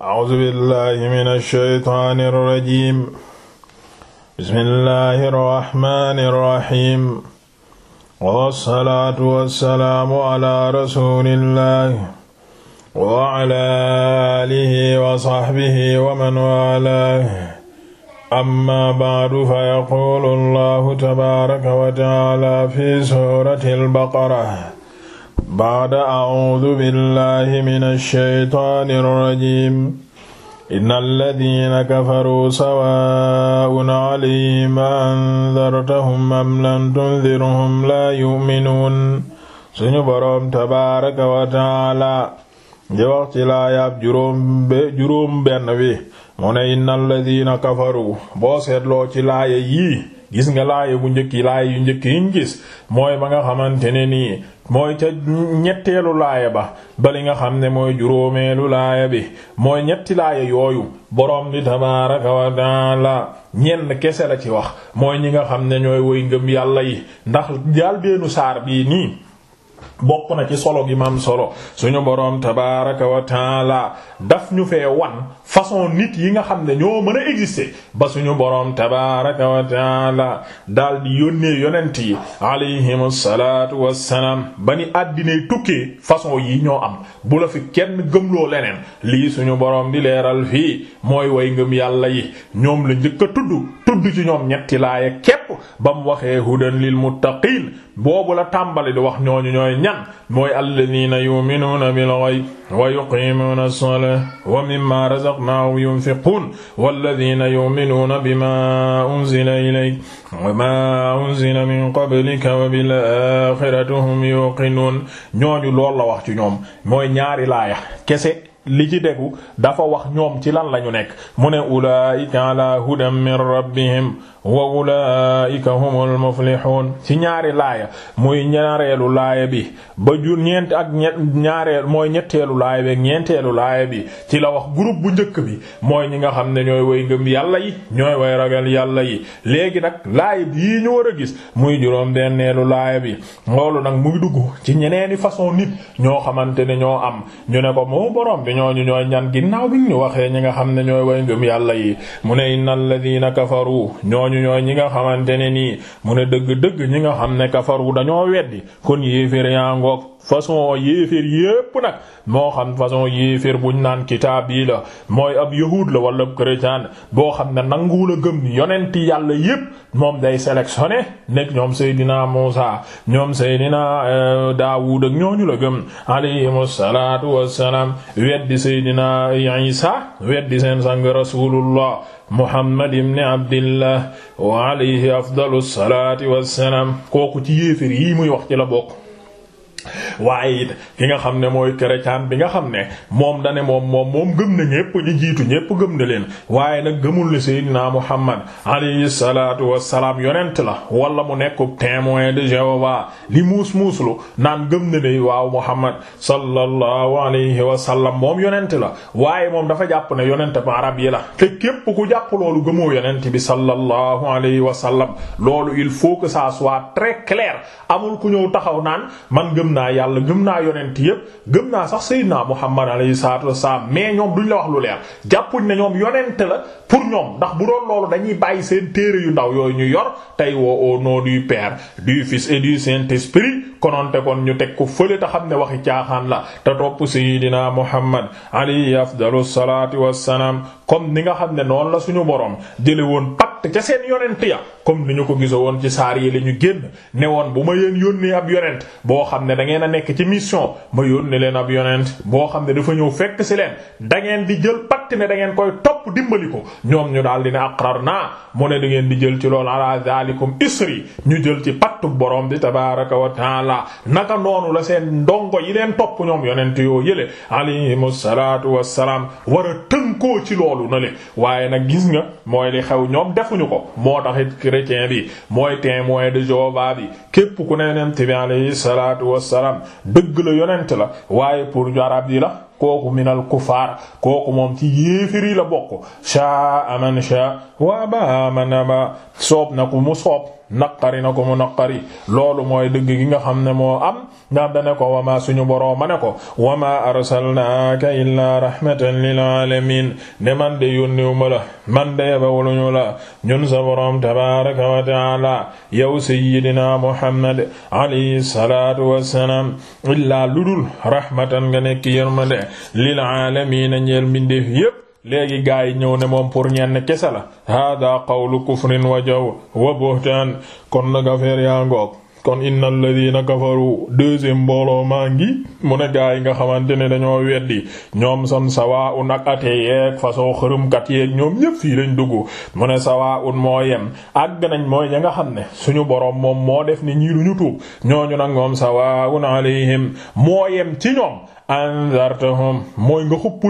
a'uuzu billahi mina shaytaani rajiim bismillahi rahmaani rahiim wassalaatu wassalaamu ala rasuulillahi wa ala aalihi wa sahbihi wa man waalaahu amma ba'du fa yaquulu allahu tabaaraka wa ta'aala fi suurati al-baqara baada audu billahi min alsheytaani alrajim inna alladina kafaruu sawaun calayhim a andartahum am lam tundirhum laa yuminuun suñu boroom tabaaraka wa taala di wax ci laayaab juróom be juróom benn bi mu ne inna alladina kafaru boo seetloo ci laaya yii gis nga laaya bu njëkk yi laaya yu njëkk yi ñu gis mooy ba nga xamante ne nii mooy ca ñetteelu laaya ba bali nga xam ne mooy juróomeelu laaya bi mooy ñetti laaya yooyu boroom di tabaaraka wa taala ñenn kese la ci wax mooy ñi nga xam ne ñooy woy ngëm yàlla yi ndax jaal beenu saar bii nii bokk na ci solo gi mam solo suñu boroom tabaaraka wa taala daf ñu fee wan façon nit yi nga xam ne ñoo mën a exister ba suñu boroom tabaaraka wa taala daal di yónnee yonent yi alayhimu salaatu wassalaam ba ni àddinay tukkee façon yi ñoo am bu la fi kenn gëmloo leneen lii suñu boroom di leeral fii mooy way ngëm yàlla yi ñoom la njëkk a tudd tudd ci ñoom ñetti laaya képp ba mu waxee hudan lil muttaqiin boobu la tàmbali di wax ñooñu ñooy ñan mooy alladina yuminuuna bil ghaib wa yuqimuuna as-salata wa mimma razaqnaahum yunfiquun walladina yuminuuna bima unzila ilayka wa ma unzila min qablika wa bil akhirati hum yuqinuun ñooñu loolu la wax ci ñoom mooy ñaari laaya kese li ci degu dafa wax ñoom ci lan la ñu nekk mu ne ulaika ala hudan min rabbihim wa ulaika humul muflihun ci ñaari laaya muy ñaareelu laaya bi ba jur ñeent ak ñett ñaareel mooy ñetteelu laaya bi ak ñeenteelu laaya bi ci la wax groupe bu njëkk bi mooy ñi nga xam ne ñooy way gëm yàlla yi ñooy way ragal yàlla yi léegi nag laaya bi yi ñu war a gis muy juróom benneelu laaya bi loolu nag muy dugg ci ñeneeni façon nit ñoo xamante ne ñoo am ñu ne ko léegi ñooñu ñooy ñan ginnaaw bi ñu waxee ñi nga xam ne ñooy way ngëm yàlla yi mu ne innal ladina kafaru ñooñu ñooy ñi nga xamante ne nii mu ne dëgg-dëgg ñi nga xam ne kafaru dañoo weddi kon yéefér yaa ngoog façon yéeféer yépp nag moo xam façon yéeféer buñ naan kitaab yi la mooy ab yahuud la wala chrétien boo xam ne nanguwul a gëm yonenti yàlla yépp moom day sélectionné nekk ñoom Seydina Muusa ñoom Seydina euh, Daawud ak ñooñu la gëm alayhimu salaatu wassalaam weddi Seydina Isa weddi seen sang Rasulullah Muhammad ibn Abdillah wa alayhi afdalu salaati wassalaam kooku ci yéeféer yi muy wax ci la bokk waaye yi ki nga xam ne mooy chrétien bi nga xam ne moom dane moom moom moom gëm na ñépp ñu jiitu ñépp gëm na leen waaye nag gëmul ne Seydina Muhammad alayhi salaatu wassalaam yonent la wala mu nekk témoin de waa li muus muuslu naan gëm na ne waaw Muhammad sallallahu alayhi wa sallam moom yonent la waaye moom dafa jàpp ne yonent ma arab yi la te képp ku jàpp loolu gëmoo yonent bi sallallahu alayhi wa sallam loolu il faut que ça soit très clair amul ku ñëw taxaw yàlla gëm naa yonent yépp gëm naa sax sayyidina Muhammad alayhi salaatu wassalaam mais ñoom duñ la wax lu leer jàppuñ ne ñoom yonent la pour ñoom ndax bu doon loolu dañuy bàyyi seen téere yu ndaw yooyu ñu yor tey woo au nom du Père du Fils et du Saint-Esprit kononte kon ñu teg ko fële te xam ne waxi caaxaan la te topp sayyidina Muhammad alayhi afdalu salaatu wassalaam comme ni nga xam ne noonu la suñu boroom jële woon pacte ca seen yonent ya comme ni ñu ko gisa woon ci saar yi la ñu génn ne woon bu ma yéen yónnee ab yonent boo xam ne da ngeen a nekk ci mission ma yónnee leen ab yonent boo xam ne dafa ñëw fekk si leen da ngeen di jël pacte ne da ngeen koy topp dimbali ko ñoom ñu daal di ne aqrar naa mu ne da ngeen di jël ci loolu ala zalikum isri ñu jël ci pacte borom bi tabaraka wa taala naka noonu la seen ndongo yi leen topp ñoom yonent yoo yële alayhimu salaatu wassalaam war a tënkoo ci loolu na le waaye nag gis nga mooy li xew ñoom defuñu ko moo tax chrétien bi mooy témoin de Jéhovah bi képp ku ne yonent bi alayhi salaatu wassalaam dëgg la yonent la waaye pour arab yi la kooku minal kufaar kooku moom ci yéefiri la bokk shaa aman shaa wa ba man ba soob na ko mu soob naqari na ko mu naqari loolu mooy dëgg gi nga xam ne moo am ndax dane ko wama suñu boroo ma ne ko wama arsalnaaka illaa rahmatan lil alamin ne man de yónniw ma la man de yabawluñu la ñun sa boroom wa taala yow sayyidina muhammad alayhi ludul rahmatan nga nekk yërmande lil na ñeel mbindeef yépp léegi gaa yi ñëw ne moom pour ñenn kese la hada qawlu kufrin wa wa buhtaan kon nag affaire yaa ngoog kon innal ladina kafaru deuxième mbooloo maa ngi mu ne gaa yi nga xamante ne dañoo weddi ñoom son sawa un ak ate yeeg façon xërëmkat yeeg ñoom ñëpp fii lañ dugg mu ne sawa moo yem àgg nañ mooy ña nga xam ne suñu boroom moom moo def ni ñii duñu tuub ñooñu nag moom sawa un moo yem ci ñoom anzartahum mooy nga xuppu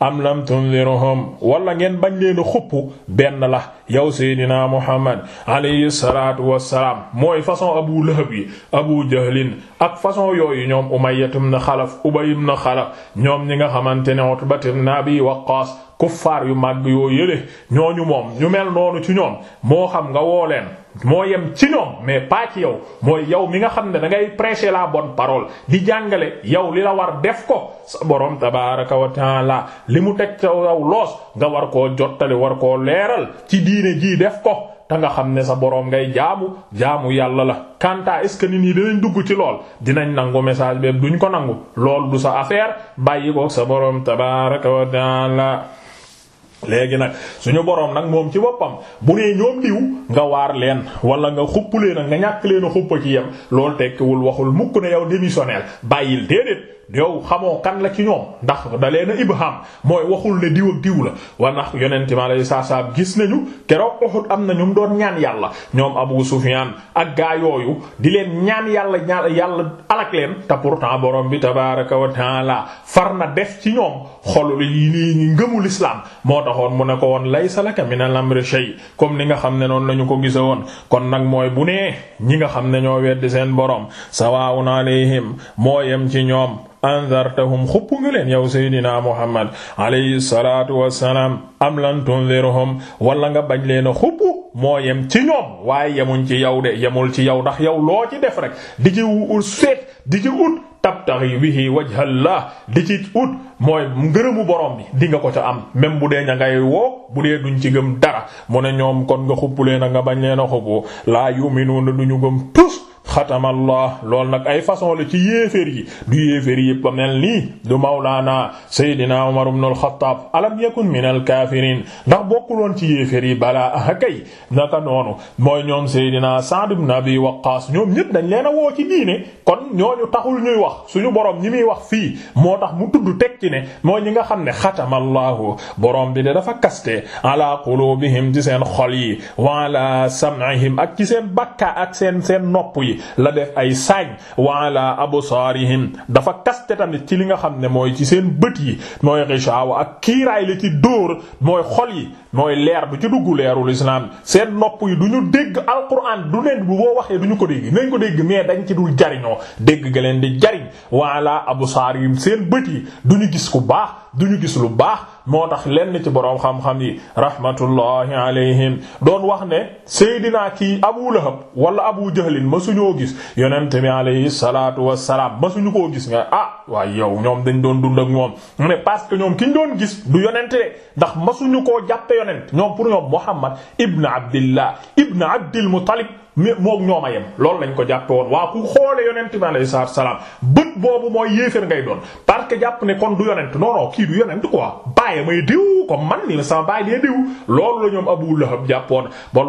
am lam tunzirhum wala ngeen bañ leen a xuppu benn la yow seydina muhammad alayhi salaatu wassalaam mooy façon abu lahab abu jahlin ak façon yooyu ñoom umayyatum na xalaf ubayum na xalaf ñoom ñi nga xamante ne utbatum na abi kuffaar yu màgg yoo yële ñooñu moom ñu mel noonu ci ñoom moo xam nga woo leen moo yem ci ñoom mais pas ci yow mooy yow mi nga xam ne da ngay prêcher la bonne parole di jàngale yow li la war def ko sa borom tabaaraka wa taala li mu teg ca yow loos nga war koo jottali war koo leeral ci diine jii def ko te nga xam ne sa boroom ngay jaamu jaamu yàlla la kanta est ce que nit ñi dinañ dugg ci lool dinañ nangu message bi duñ ko nangu lool du sa affaire bàyyi ko léegi nag suñu boroom nag moom ci boppam bu nee ñoom diw nga waar leen wala nga xupp leen nga ñàkk leen a xuppa ci yem loolu tekkiwul waxul mukk ne yow démissionnel bàyyil déedéet yow xamoo kan la ci ñoom ndax da leen a mooy waxul ne diw ak diw la wa ndax yonent ma lay saa saa gis nañu keroog Uhud am na ñu doon ñaan yàlla ñoom Abu Sufyan ak gaa yooyu di leen ñaan yàlla ñaan yàlla alak leen te pourtant borom bi tabaaraka wa taala far na def ci ñoom xolu yi nii ngëmul islam moo taxoon mu ne ko woon laysa laka min al-amri shay comme ni nga xam ne noonu lañu ko gisa woon kon nag mooy bu nee ñi nga xam ne ñoo weddi seen borom sawaawun alayhim moo yem ci ñoom anzartahum xupp nga leen yow seydina muhammad alayhi salaatu wassalaam am lan tunzirhum wala nga bañ leen a xupp moo yem ci ñoom waaye yemuñ ci yow de yemul ci yow ndax yow loo ci def rek di ci ut seet di ci ut tabtaghi bihi wajhallah di ci ut mooy ngërëmu borom bi di nga ko ca am même bu dee ña woo bu dee duñ ci gëm dara mu ne ñoom kon nga xupp leen a nga bañ leen a xuppu laa yu'minuna duñu gëm tus xatamallah lool nag ay façon la ci yéeféer yi du yéeféer yépp a mel nii du mawlaana seydina umar ibn al-xattaab alam yakun min al-kaafiriin ndax bokkuloon ci yéeféer yi bala ah kay naka noonu mooy ñoom seydina sa'd ibn abi waqqaas ñoom ñépp dañ leen a woo ci diine kon ñooñu taxul ñuy wax suñu boroom ñi muy wax fii moo tax mu tudd teg ci ne mooy ñi nga xam ne xatamallahu boroom bi de dafa kaste ala quluubihim ci seen xool yi wa ala ak ci seen bakka ak seen seen nopp yi la def ay saañ wa ala absaarihim dafa kaste tamit ci li nga xam ne mooy ci seen bët yi mooy gishawa ak kiiraay la ci dóor mooy xol yi mooy leer bi ci dugg leerul islam seen nopp yi du ñu dégg alquran du leen bu boo waxee du ñu ko dégg nañ ko dégg mais dañ ci dul jariñoo dégg ga leen di jariñ saar absaarim seen bët yi du ñu gis ku baax du ñu gis lu baax moo tax lenn ci boroom xam-xam yi rahmatullahi alayhim doon wax ne seydinaa kii abu lahab wala abu jahlin ma suñoo gis yonent bi alayhi salaatu wassalaam ma ñu koo gis nga ah waa yow ñoom dañ doon dund ak moom mais parce que ñoom ki ñu doon yonent ñoom pour ñoom Muhammad ibn Abdillah ibn Abdil Muttalib mook ñoom a yem loolu lañ ko jàppe woon waa ku xoole yonent bi alayhi salaatu salaam bët ngay doon parce que jàpp ne kon du yonent non non kii du yonent quoi bàyyi may diw comme man ni sama bàyyi dee diw loolu la ñoom Abu Lahab jàppoon ba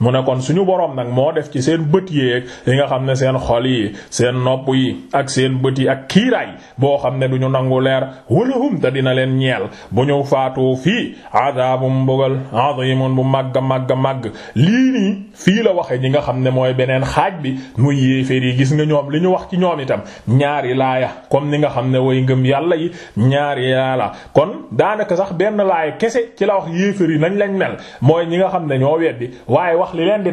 mu ne kon suñu boroom nag moo def ci seen bët yeeg yi nga xam ne seen xol yi seen nopp yi ak seen bët yi ak kiiraay boo xam ne duñu nangu leer walahum te dina leen ñeel bu ñëw faatoo fii bu adabum mbugal azimun bu màgg màgg màgg lii nii la ñi nga xam ne mooy beneen xaaj bi muy yéeféer yi gis nga ñoom li ñu wax ci ñoom itam ñaari laaya kon ni nga xam ne way ngëm yàlla yi ñaari laala kon daanaka sax benn laaya kese ci la wax yéeféer yi nañ lañ mel mooy ñi nga xam ne ñoo weddi waaye wax li leen di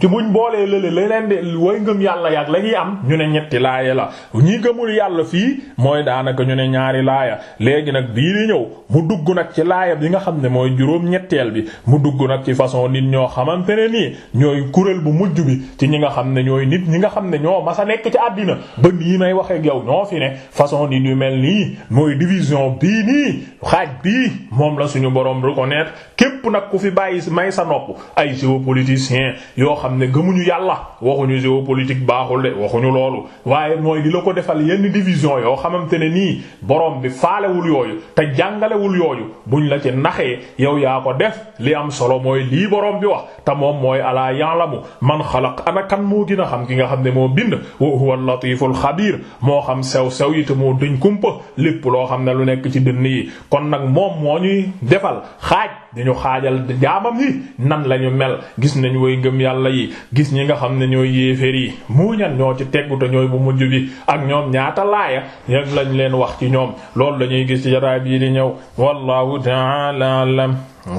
ci buñ boolee lële li leen di yàlla yàgg la ñuy am ñu ne ñetti laaya la ñi gëmul yàlla fii mooy daanaka ñu ne ñaari laaya léegi nag bii di ñëw mu dugg nag ci laaya bi nga xam ne mooy juróom ñetteel bi mu dugg nag ci façon nit ñoo xamante ne nii ñooy kuréel bu mujj bi ci ñi nga xam ne ñooy nit ñi nga xam ne ñoo mas sa nekk ci àddina ba nii nay waxee ak yow ñoo fi ne façon nit ñu mel nii mooy division bii nii xaaj bii moom la suñu borom reconnaître képp nag ku fi bàyyi may sa nopp ay géopoliticien yoo xam ne gëmuñu yàlla waxuñu géopolitique baaxul de waxuñu loolu waaye mooy di la ko defal yenn division yoo xamante ne nii boroom bi faalewul yooyu te jàngalewul yooyu buñ la ci naxee yow yaa ko def li am solo mooy lii borom bi wax te moom mooy alaa ya'lamu man xalaq ana kan moo gën xam ki nga xam ne moo bind wa huwa latiful xabiir moo xam sew sew yi te moo dëñ kumpa lépp loo xam ne lu nekk ci dënn yi kon nag moom moo ñuy defal di ñu xaajal jaamam yi nan la ñu mel gis nañu woy ngëm yàlla gis ñi nga xam ne ñooy yéeféer yi mu ñan ñoo ci teggu te ñooy bu mujj bi ak ñoom ñaata laaya yag lañ leen wax ci ñoom loolu lañuy gis ci jaraab yi di ñëw wallahu ta'ala a'lam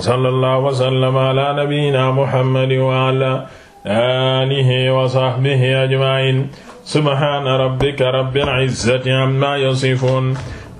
sallallahu wa sallama ala nabiyyina muhammadin wa ala alihi wa sahbihi ajma'in subhana rabbika